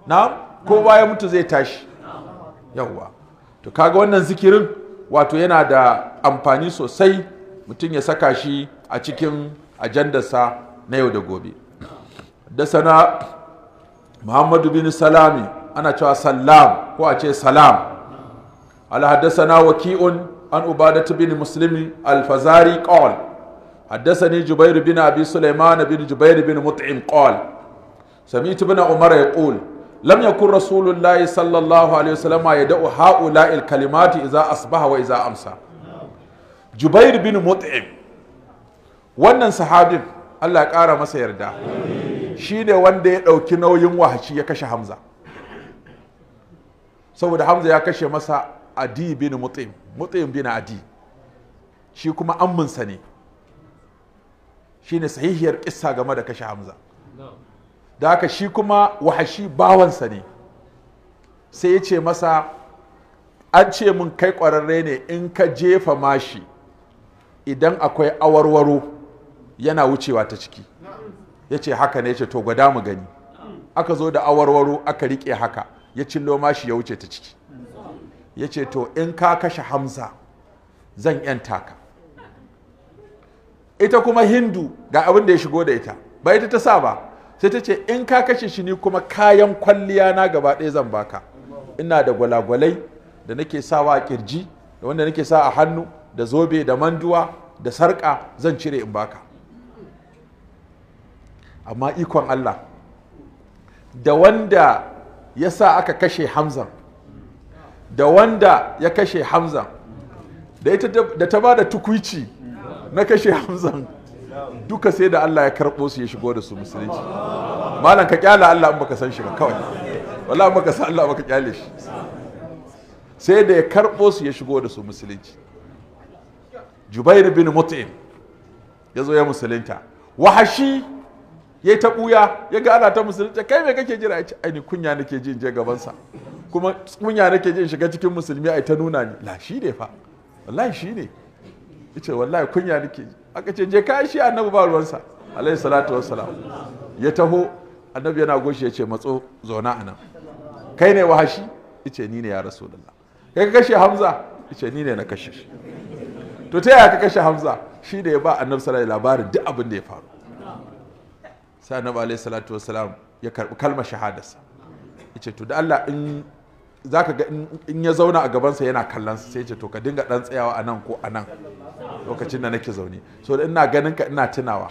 na'am ko ya mutu zai tashi yawwa to kaga wannan zikirin wato yana da amfani sosai mutum ya saka shi a cikin ajandarsa na yau da gobe da sana muhammadu bin salami ana cewa salam ko a ce salam al haddathana waki'un an ubadatu bin muslim al fazari qal haddathani jubair bin abi sulaiman bin jubair bin mut'im qal sami'tu bin umar yaqul lam yakun rasulullahi sallallahu alaihi wasallam yad'u ha'ula'i al kalimati idza asbaha waiza amsa jubair bin mut'im wannan sahabin Allah ƙara masa yarda shi ne wanda ya ɗauki nauyin wahashi ya kashe hamza saboda hamza ya kashe masa adi bin mut'im mut'im bin adi shi kuma amminsa ne ne sahihiyar kissa game da kashe hamza da haka shi kuma wahashi bawansa ne sai ya ce masa an ce min kai ƙwararre ne in ka jefa mashi idan akwai awarwaro yana wucewa ta ciki ya ce haka ne ya ce to gwada mu gani aka zo da awarwaro aka riƙe haka ya cillo shi ya wuce ta ciki ya ce to in ka kashe hamza zan yanta ka ita kuma hindu ga abin da ya shigo da ita ba ita ta sa ba sai ta ce in ka kashe shi ni kuma kayan kwalliya na gaba ɗaya zan baka ina da gwalagwalai da nake sawa a kirji da wanda nake sa a hannu da zobe da manduwa da sarƙa zan cire in baka amma ikon Allah da wanda ya sa aka kashe hamza da wanda ya kashe hamza da ta ba da tukwici na kashe hamza duka sai da Allah ya karɓo su ya shigo da su musulunci malam ka kyala Allah in baka san shi ba kawai wala in baka san Allah baka kyale shi sai da ya karɓo su ya shigo da su musulunci Jubair bin Mut'im ya zo ya musulunta wahashi ya ta ɓuya ya ga ana ta Musulunci. kai me kake jira ya ce ai ni kunya nake ji in je gabansa kuma kunya nake ji in shiga cikin musulmi ai ta nuna ni la shi ne fa wallahi shi ne yace wallahi kunya nake ji aka ce je kai shi annabi ba ruwansa alaihi salatu wassalam ya taho annabi yana goshi ya ce matso a anan kai ne wahashi yace ni ne ya rasulullah kai ka kashe hamza yace ni ne na kashe shi to ta yaya ka kashe hamza shi da ya ba annabi sallallahu alaihi labarin duk abin da ya faru sai annabi alaihi salatu wasalam ya karbi kalmar shahadarsa ce to da Allah in zaka ga in ya zauna a gabansa yana kallon sai ce to ka dinga dan tsayawa a nan ko a nan lokacin da nake zaune so da ina ganin ka ina tunawa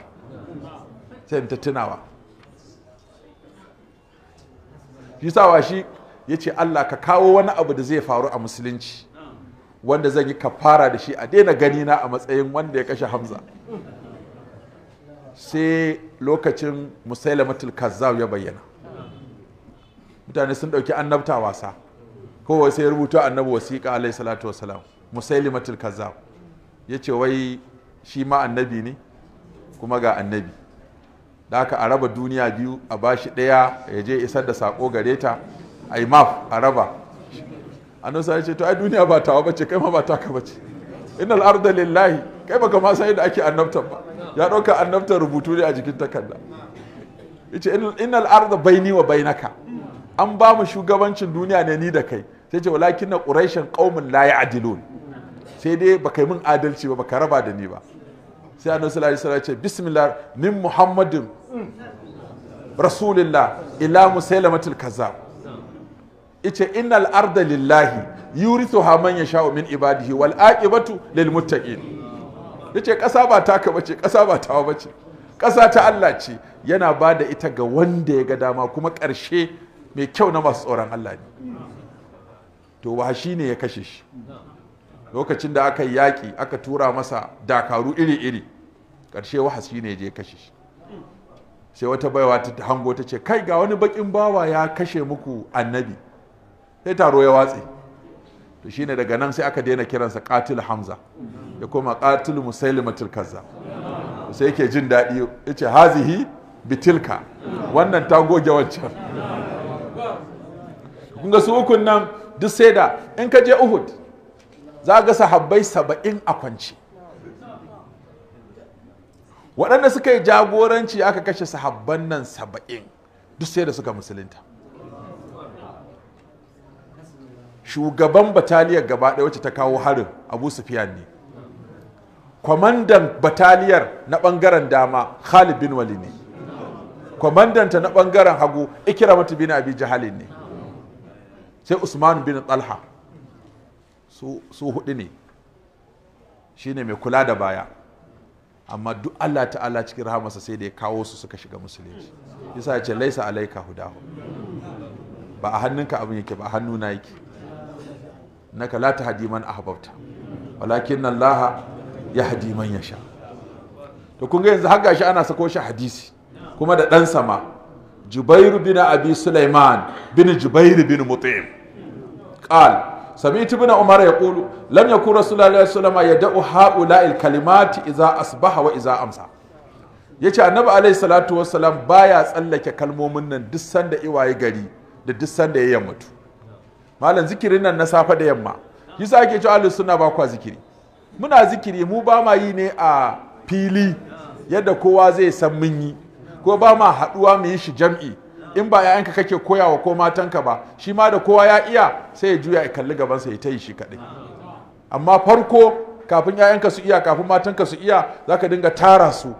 sai in ta tunawa shi sawa shi yace Allah ka kawo wani abu da zai faru a musulunci wanda zan yi ka fara da shi a daina ganina a matsayin wanda ya kashe Hamza sai lokacin musailamatul kazzab ya bayyana mutane sun ɗauki annabta wasa kowai sai rubuta annabi wasiƙa alayhi salatu wasalam musailimatul kazzab ya ce wai shi ma annabi ne kuma ga annabi da haka araba duniya biyu a bashi ɗaya ya je isar da saƙo gare ta a yi maf araba. raba sai ce to ai duniya ba tawa bace kai ma ba taka bace innal arda lillahi kai baka ma san yadda ake annabtan ba ya ɗauka annabta rubutu ne a jikin takarda yace innal arda baini wa bainaka an ba mu shugabancin duniya ne ni da kai sai ce walakin na quraishan ƙaumin la adilun sai dai baka yi min adalci ba baka raba da ni ba sai annabi sallallahu alaihi wasallam ce bismillah min muhammadin rasulillah ila musailamatil kazzab ice innal arda lillahi yurithuha man yasha'u min ibadihi wal aqibatu lil muttaqin ya ce ƙasa ba taka bace ƙasa ba tawa bace ƙasa ta Allah ce yana ba da ita ga wanda ya ga dama kuma karshe mai kyau na masu tsoron Allah ne to ba shi ne ya kashe shi lokacin da aka yi yaƙi aka tura masa dakaru iri-iri ƙarshe shi ne je kashe shi sai wata baiwa ta hango ta ce kai ga wani baƙin bawa ya kashe muku annabi sai taro ya watse to shine daga nan sai aka daina kiransa katil hamza ya koma qatilu musailimatul kaza. sai yake jin daɗi ce hazihi bitilka wannan ta goge wancan kun ga su ukun nan duk sai da in ka je Uhud za ga sahabbai saba'in a kwance waɗanda suka yi jagoranci aka kashe sahabban nan saba'in duk sai da suka musulunta shugaban bataliyar gaba ɗaya wacce ta kawo harin abu sufiyan ne kwamandan bataliyar na bangaren dama khalid bin wali ne kwamandanta na bangaren hagu mata bin abi jahalin ne sai usman bin talha su, hudu ne shine mai kula da baya amma duk Allah ta'ala cikin rahamarsa sai da ya kawo su suka shiga musulunci yasa ya ce laisa alaika hudahu ba a hannunka abin yake ba a hannuna yake naka la Hadiman man ahbabta walakin Laha. ya hadi man ya sha to kun ga yanzu har shi ana sako shi hadisi kuma da ɗan sama jubair bin abi sulaiman bin jubair bin mut'im qal سمعت ابن عمر ya لم يكن رسول الله صلى الله عليه وسلم يدع هؤلاء الكلمات إذا أصبح وإذا أمسى yace annabi alaihi salatu wassalam baya tsallake kalmomin nan duk sanda iwaye gari da duk sanda ya yammatu malam zikirin nan na safa da yamma yasa ake cewa Suna ba kwa zikiri muna zikiri mu ba ma yi ne a fili yadda kowa zai san mun yi ko ba ma haɗuwa mu yi shi jam'i in ba ‘ya'yanka kake wa ko matanka ba shi ma da kowa ya iya sai ya juya ya kalli gabansa ya ta yi shi kaɗai amma farko kafin ‘ya'yanka su iya kafin matanka su iya za ka dinga tara su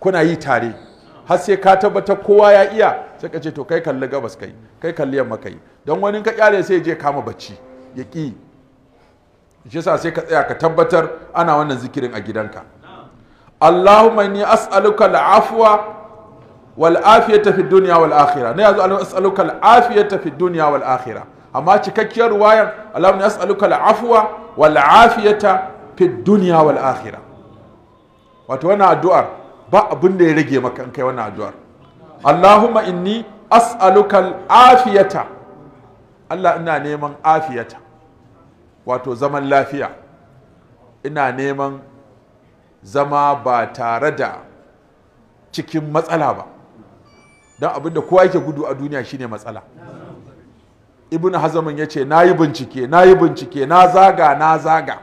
kuna yi tare har sai ka tabbatar kowa ya iya sai ka ce to kai kalli gabas kai kai kalli yamma kai don wani ka kyale sai je kama bacci ya ƙi shi yasa sai ka tsaya ka tabbatar ana wannan zikirin a gidanka Allahumma inni as'aluka al'afwa wal afiyata fid dunya wal akhirah ne yazo Allahumma as'aluka al afiyata fid dunya wal akhirah amma cikakkiyar ruwayar Allahumma inni as'aluka al'afwa wal afiyata fid dunya wal akhirah wato wannan addu'ar ba abin da ya rage maka in kai wannan addu'ar Allahumma inni as'aluka al afiyata Allah ina neman afiyata wato zaman lafiya ina neman zama ba tare da cikin matsala ba don abinda kowa yake gudu a duniya shine matsala ibn hazamin ya ce na yi bincike na yi bincike na zaga na zaga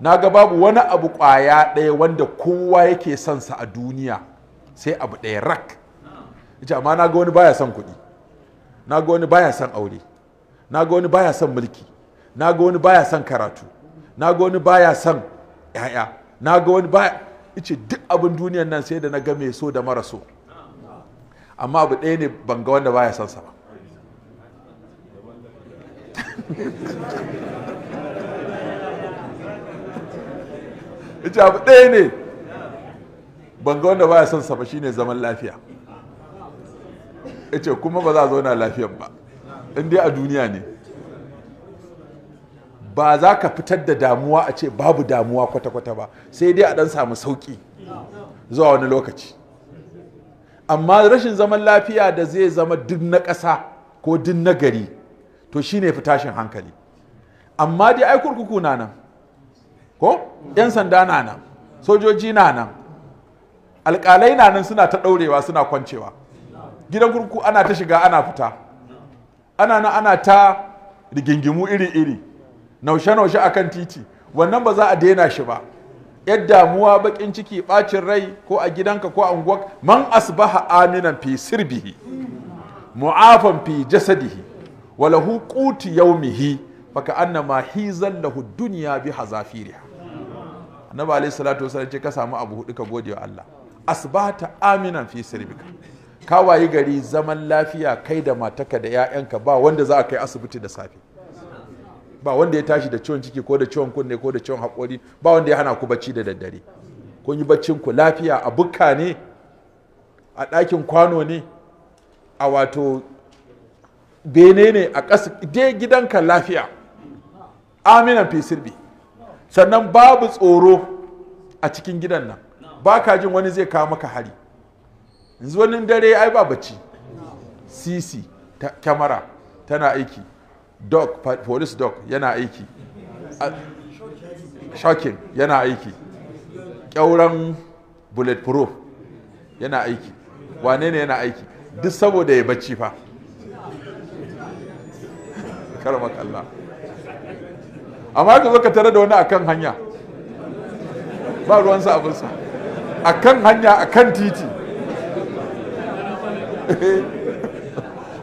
na ga babu wani abu kwaya ɗaya wanda kowa yake son sa a duniya sai abu ɗaya rak ita amma na ga wani baya son kuɗi na ga wani baya son aure na ga wani baya son mulki na ga wani baya son karatu na ga wani baya son yaya na ga wani baya ice duk abin duniyan nan sai da na ga mai so da mara so amma abu ɗaya ne ban ga wanda baya son sa ba ice abu ɗaya ne ban ga wanda baya son sa ba shine zaman lafiya ice kuma ba za a zauna lafiyan ba in dai a duniya ne ba za ka fitar da damuwa a ce babu damuwa kwata-kwata ba sai dai a dan samu sauki zuwa wani lokaci amma rashin zaman lafiya da zai zama duk na ƙasa ko duk na gari to ne fitashin hankali amma dai ai kurkuku na nan ko 'yan sanda na nan sojoji na nan alƙalai na nan suna ta ɗaurewa suna kwancewa gidan kurkuku ana ta shiga ana fita ana ana ta rigingimu iri-iri naushe-naushe a kan titi wannan ba za a daina shi ba yar damuwa bakin ciki bacin rai ko a gidanka ko a unguwar man asbaha aminan fi sirbihi mu'afan fi jasadihi walahu quti yawmihi faka annama hizan lahu dunya bi hazafiriha annabi alayhi salatu wasallam ce ka samu abu hudu ka gode wa Allah asbata aminan fi sirbika ka wayi gari zaman lafiya kai da mataka da 'ya'yanka ba wanda za a kai asibiti da safe ba wanda ya tashi da ciwon ciki ko da ciwon kunne ko da ciwon haƙori ba wanda ya hana ku bacci da daddare kun yi baccin ku lafiya a bukka ne a ɗakin kwano ne a wato bene ne a ƙasa dai gidanka lafiya aminan fi sannan babu tsoro a cikin gidan nan ba ka jin wani zai kawo maka hari yanzu wani dare ai ba bacci sisi kyamara tana aiki dog police dog yana aiki shocking yana aiki kyauran bulletproof yana aiki wane ne yana aiki duk saboda ya bacci fa karamak Allah amma ka zo ka tare da wani akan hanya ba ruwansa abinsa akan hanya akan titi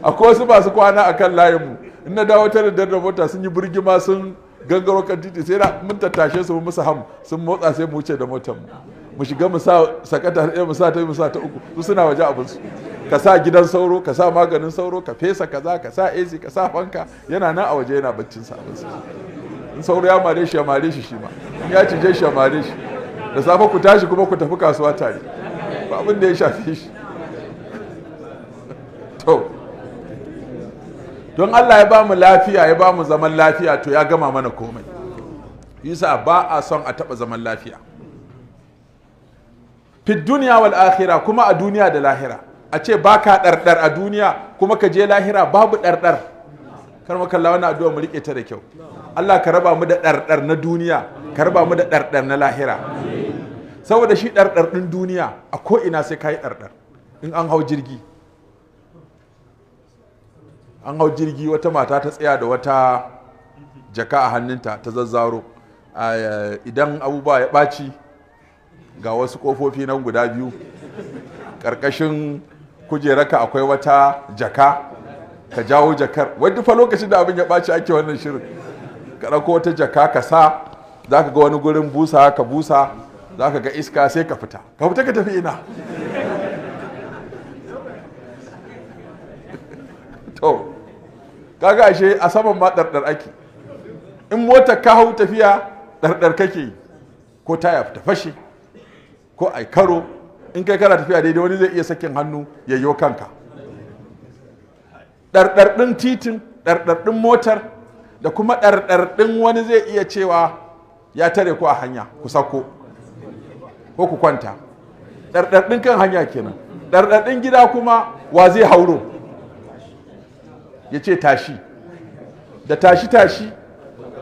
akwai wasu su kwana akan layinmu in na dawo ta da da mota sun yi birgima sun gangaro kan titi sai na mun tattashe su musu ham sun motsa sai mu wuce da motar mu mu shiga mu sa sakata har mu sa ta mu sa ta uku su suna waje abin su ka sa gidan sauro ka sa maganin sauro ka fesa kaza ka sa AC ka sa fanka yana nan a waje yana baccin sa abin in sauro ya mare shi ya mare shi shi ma in ya cije shi ya mare shi da safe ku tashi kuma ku tafi kasuwa tare ba abin da ya shafe shi to don Allah ya ba mu lafiya ya ba mu zaman lafiya to ya gama mana komai yasa ba a son a taɓa zaman lafiya fit duniya wal akhira kuma a duniya da lahira a ce ba ka ɗarɗar a duniya kuma ka je lahira babu ɗarɗar kar maka kalla wani addu'a mu riƙe ta da kyau Allah ka raba mu da ɗarɗar na duniya ka raba mu da ɗarɗar na lahira saboda shi ɗarɗar ɗin duniya a ko ina sai ka yi ɗarɗar in an hau jirgi an hau jirgi wata mata ta tsaya da wata jaka a hannunta ta zazzaro idan abubuwa ya ɓaci ga wasu kofofi nan guda biyu ƙarƙashin kujeraka akwai wata jaka ka jawo jakar wadda fa lokacin da abin ya ɓaci ake wannan shirin ka ɗauko wata jaka ka sa za ka ga wani gurin busa ka busa za ka ga iska sai ka fita ka fita ka tafi ina to kaga ashe a saman ma ɗarɗar ake in mota ka hau tafiya ɗarɗar kake ko taya ta fashe ko ai karo in kai kana tafiya daidai wani zai iya sakin hannu ya yi kanka ɗarɗar ɗin titin ɗarɗar ɗin motar da kuma ɗarɗar ɗin wani zai iya cewa ya tare ku a hanya ku sako ko ku kwanta ɗarɗar ɗin kan hanya kenan ɗarɗar ɗin gida kuma wa zai hauro ya ce tashi da tashi tashi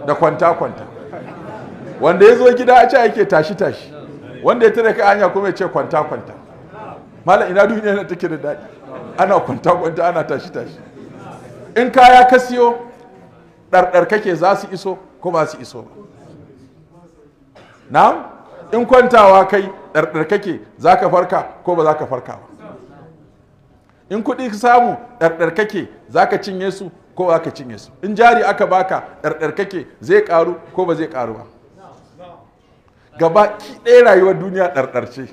da kwanta kwanta wanda ya zo gida a ce ake tashi tashi wanda ya tare ka anya kuma ya ce kwanta kwanta malam ina duniya na take da daɗi ana kwanta kwanta ana tashi tashi in kaya ka siyo ɗarɗar kake za su iso ko ba su iso na in kwantawa kai ɗarɗar kake za ka farka ko ba za ka farka ba in kuɗi ka samu ɗarɗar kake za ka cinye su ko ka cinye su in jari aka baka ɗarɗar kake zai ƙaru ko ba zai ƙaru ba gaba ki ɗaya rayuwar duniya ɗarɗar ce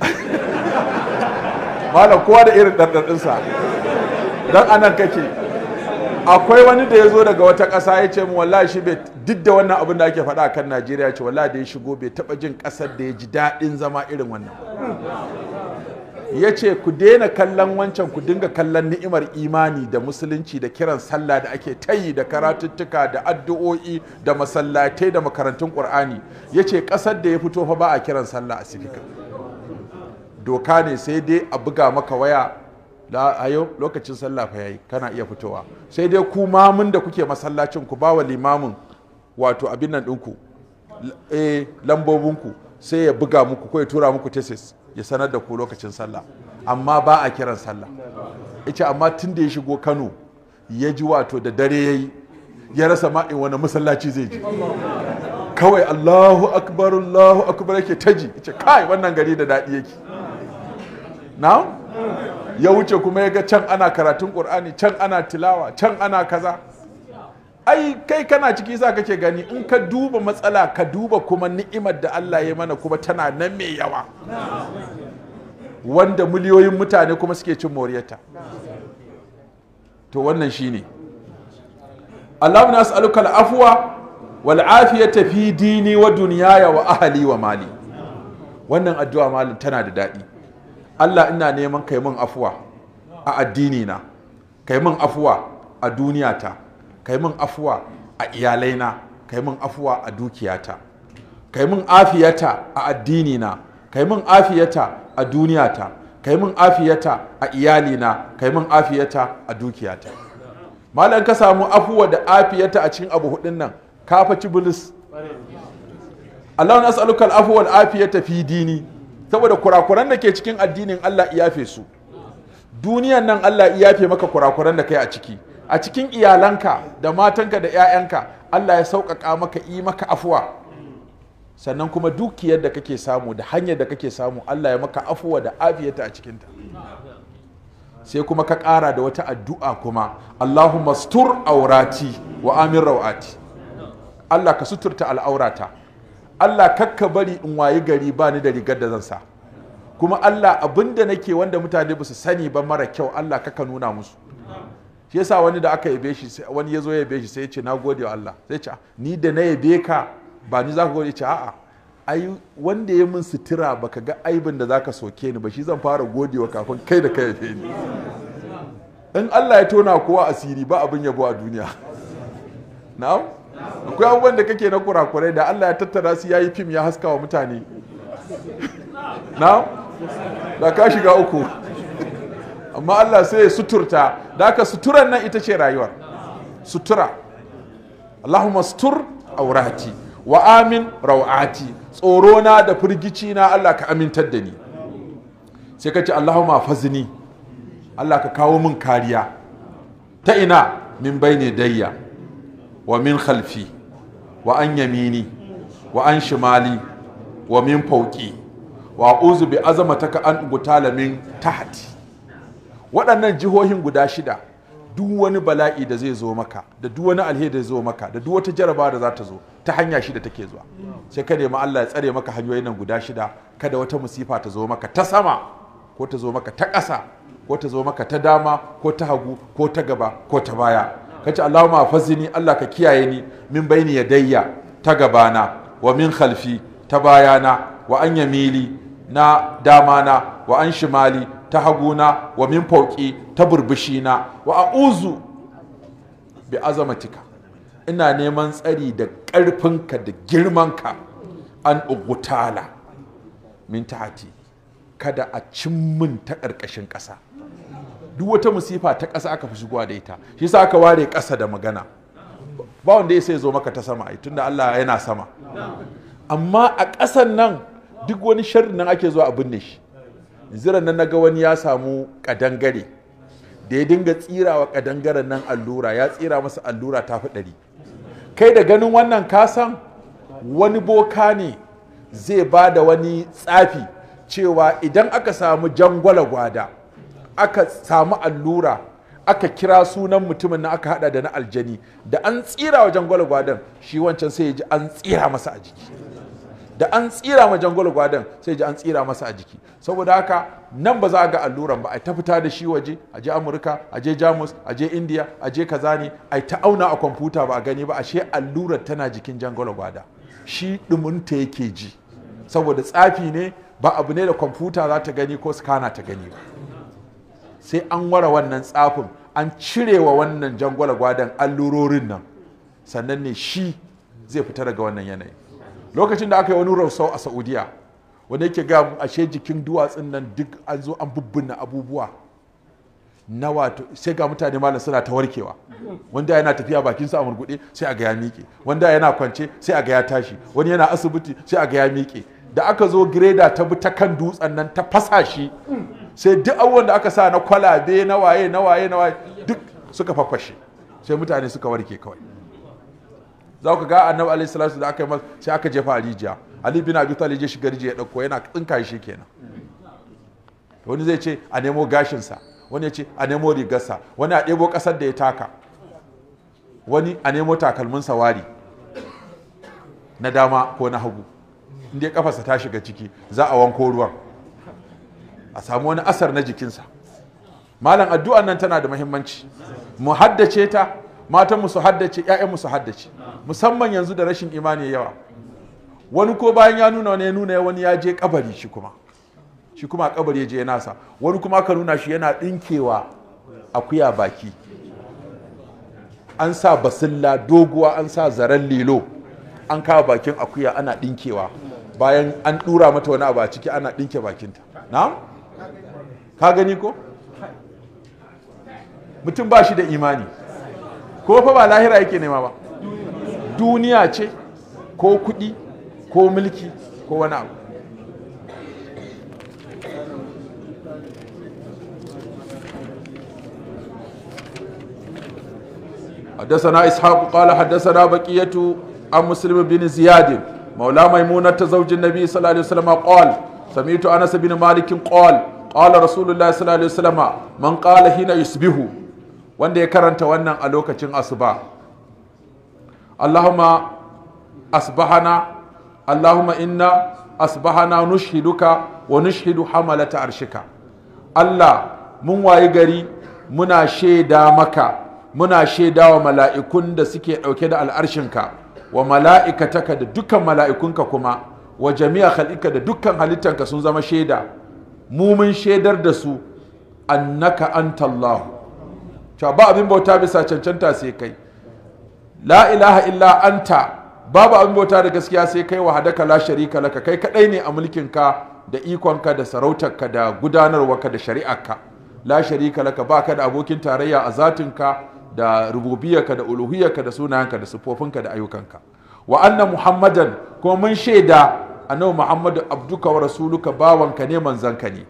malam kowa da irin ɗarɗar ɗinsa don anan kake akwai wani da ya zo daga wata ƙasa ya ce mu wallahi shi bai duk da wannan abin da ake faɗa akan Najeriya ce wallahi da ya shigo bai taɓa jin ƙasar da ya ji daɗin zama irin wannan ya ce ku daina kallon wancan ku dinga kallon ni'imar imani da musulunci da kiran sallah da ake tayi da karatuttuka da addu'o'i da masallatai da makarantun ƙur'ani ya ce ƙasar da ya fito fa ba a kiran sallah a sifika doka ne sai dai a buga maka waya a yau lokacin sallah fa yayi kana iya fitowa sai dai ku mamun da kuke masallacin ku ba wa limamin wato abin nan ɗinku eh lambobinku sai ya buga muku ko ya tura muku tesis ya sanar da ku lokacin sallah amma ba a kiran sallah ita amma tun da ya shigo kano ya ji wato da dare ya yi ya rasa ma'in wani masallaci zai ji kawai allahu akbar allahu akbar yake ta ji ce kai wannan gari da daɗi yake na ya wuce kuma ya ga can ana karatun ƙur'ani can ana tilawa can ana kaza ai kai kana ciki za kake gani in ka duba matsala ka duba kuma ni'imar da Allah ya mana kuma tana nan mai yawa wanda miliyoyin mutane kuma suke cin moriyarta to wannan shine Allahumma na al afuwa, wal afiyata tafi dini wa ya wa ahali wa mali wannan addu'a malin tana da daɗi Allah ina neman kaimun afuwa a addini na kai afuwa a duniyata kai min afuwa a iyalaina kai min afuwa a dukiyata kai min afiyata a addinina kai min afiyata a duniyata kai min afiyata a iyalina kai min afiyata a dukiyata malam ka samu afuwa da afiyata a cikin abu hudun nan ka faci bilis Allahun as'aluka al'afu wal afiyata fi dini saboda kurakuran da ke cikin addinin Allah iyafe su duniyan nan Allah iyafe maka kurakuran da kai a ciki a cikin iyalanka da matanka da 'ya'yanka Allah ya sauƙaƙa maka yi maka afuwa sannan kuma dukiyar da kake samu da hanyar da kake samu Allah ya maka afuwa da afiyata a cikinta sai kuma ka ƙara da wata addu'a kuma Allahumma stur aurati wa amin rawati Allah ka suturta al'aurata Allah kakka bari in wayi gari ba ni da rigar da zan sa kuma Allah abinda nake wanda mutane ba su sani ba mara kyau Allah kakka nuna musu shi yasa wani da aka yabe shi wani ya zo yabe shi sai ya ce na gode wa Allah sai ce ah, ni da na yabe ka ba ni za ka gode ce a'a ai wanda ya min sutura baka ga aibin da zaka soke ni ba shi zan fara gode wa kafin kai da kai yabe ni in Allah ya tona kowa asiri ba abin yabo a duniya na'am akwai abubuwan da kake na kurakurai da Allah ya tattara su yayi fim ya haska wa mutane na'am da ka shiga uku amma Allah sai ya suturta da aka suturan nan ita ce rayuwar sutura Allahumma sutur aurati wa amin rawati tsoro na da firgici na Allah ka amintar da ni sai ka ce Allahumma fazni Allah ka kawo min kariya ta ina min baini dayya wa min khalfi wa an yamini wa an shimali wa min fauki wa uzu bi azamataka an ugutala min tahti waɗannan jihohin guda shida duk wani bala'i da zai zo maka da duk wani alheri da zai zo maka da duk wata jaraba da za ta zo ta hanya shida take zuwa sai ka nemi Allah ya tsare maka hanyoyin nan guda shida kada wata musifa ta zo maka ta sama ko ta zo maka ta ƙasa ko ta zo maka ta dama ko ta hagu ko ta gaba ko ta baya ka ce Allahumma fazini Allah ka kiyaye ni min baini yadayya ta gabana wa min khalfi ta bayana wa an yamili na dama na, wa an shimali ta haguna wa min fauki ta burbushina wa a'uzu bi azamatika ina neman tsari da ƙarfinka da girmanka an ugutala min tahati kada a cimmin ta ƙarƙashin ƙasa duk wata musifa ta ƙasa aka fi shigowa da ita shi sa aka ware ƙasa da magana ba wanda ya sai zo maka ta sama tunda Allah yana sama amma a ƙasan nan duk wani sharri nan ake zuwa a binne shi ziran na naga wani ya samu kadangare da ya dinga tsirawa kadangaren nan allura ya tsira masa allura ta ɗari kai da ganin wannan kasan wani boka ne zai ba da wani tsafi cewa idan aka samu jangwala gwada aka samu allura aka kira sunan mutumin na aka hada da na aljani da an tsira wa jangwala gwadan shi wancan sai ya ji an tsira masa a jiki da an tsira ma jangol gwadon sai ji an tsira masa a jiki saboda haka nan ba za a ga alluran ba a ta fita da shi waje a je amurka a je jamus a je india a je Kazani a ta auna a kwamfuta ba a gani ba a she allurar tana jikin jangol gwada shi ta yake ji saboda tsafi ne ba abu ne da kwamfuta za ta gani ko skana ta gani ba sai an wara wannan tsafin an cire wa wannan jangol gwadan allurorin nan sannan ne shi zai fita daga wannan yanayin lokacin da aka yi wani rausau a saudiya wanda yake ga ashe jikin duwatsun nan duk an zo an bubbuna abubuwa na wato sai ga mutane malam suna ta warkewa wanda yana tafiya bakin sa a sai a ga ya miƙe wanda yana kwance sai a ga tashi wani yana asibiti sai a ga miƙe da aka zo gireda ta bi ta kan dutsen nan ta fasa shi sai duk abubuwan da aka sa na kwalabe na waye na waye na waye duk suka faffashe sai mutane suka warke kawai za ku ga annabi alayhi salatu da aka yi masa sai aka jefa Alijiya. rijiya ali bin abi talib ya shiga rijiya ya dauko yana tsinka shi kenan wani zai ce a nemo gashinsa wani ya ce a nemo rigarsa wani a ɗebo ƙasar da ya taka wani a nemo takalmin wari. na dama ko na hagu inda ya kafarsa ta shiga ciki za a wanko ruwan a samu wani asar na jikinsa malam addu'an nan tana da muhimmanci mu haddace ta matanmu su haddace 'ya'yanmu su haddace musamman yanzu da rashin imani yawa wani ko bayan ya nuna wani ya nuna wani ya je kabari shi kuma shi kuma kabari ya je nasa wani kuma aka nuna shi yana dinkewa akuya baki an sa basilla doguwa an sa zaren lilo an kawo bakin akuya ana dinkewa bayan an dura mata wani abu a ciki ana dinke bakinta na ka gani ko mutum ba shi da imani ko fa ba lahira yake nema ba duniya ce ko kuɗi ko mulki ko wani abu haddasa na ishaku kala haddasa na bakiyatu an musulmi bin ziyadi maula mai munar ta zaujin nabi salallu salama kwal sami to ana sabi na malikin kwal kwal rasulullah salallu salama man kala hina yusbihu wanda ya karanta wannan a lokacin asuba اللهم أصبحنا اللهم إنا أصبحنا hamala ونشهد حملة Allah mun wayi gari muna shaida maka muna shaida wa mala'ikun da suke ɗauke da al'arshinka wa mala'ikataka da dukkan mala'ikunka kuma wa jami'a halika da dukkan halittanka sun zama shaida mu mun shaidar da su annaka antallahu cewa ba abin bauta bisa cancanta sai kai la ilaha illa anta babu abin bauta da gaskiya sai kai wa hadaka la sharika laka kai kadai ne a mulkin ka da ikonka da sarautarka da gudanarwarka da shari'arka la sharika laka baka da abokin tarayya a zatinka da rububiyarka da uluhiyarka da sunayenka da sufofinka da ayyukanka wa anna muhammadan kuma mun shaida annabi muhammadu abduka wa rasuluka bawanka ne manzanka ne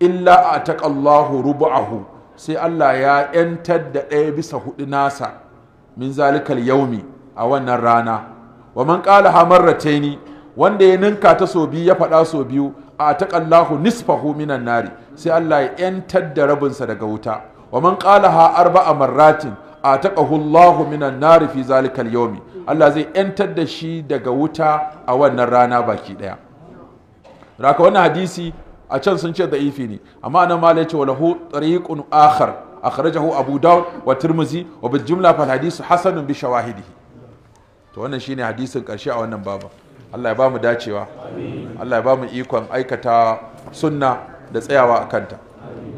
illa a taƙallahu rubu'ahu sai allah ya 'yantar da ɗaya bisa hudu nasa min zalikal yaumi a wannan rana wa man qala marrataini wanda ya ninka ta so biyu ya faɗa so biyu a taqallahu nisfahu minan nari sai Allah ya yantar da rabinsa daga wuta wa man qala ha arba'a marratin a taqahu Allahu minan nari fi zalikal yaumi Allah zai yantar da shi daga wuta a wannan rana baki daya raka wannan hadisi a can sun ce da'ifi ne amma nan malai ce wa lahu tariqun akhar akhrajahu abu daud wa tirmizi wa bil jumla fal hadisu shine hadisin karshe a wannan babu Allah ya bamu dacewa Allah ya bamu ikon aikata sunna da tsayawa a kanta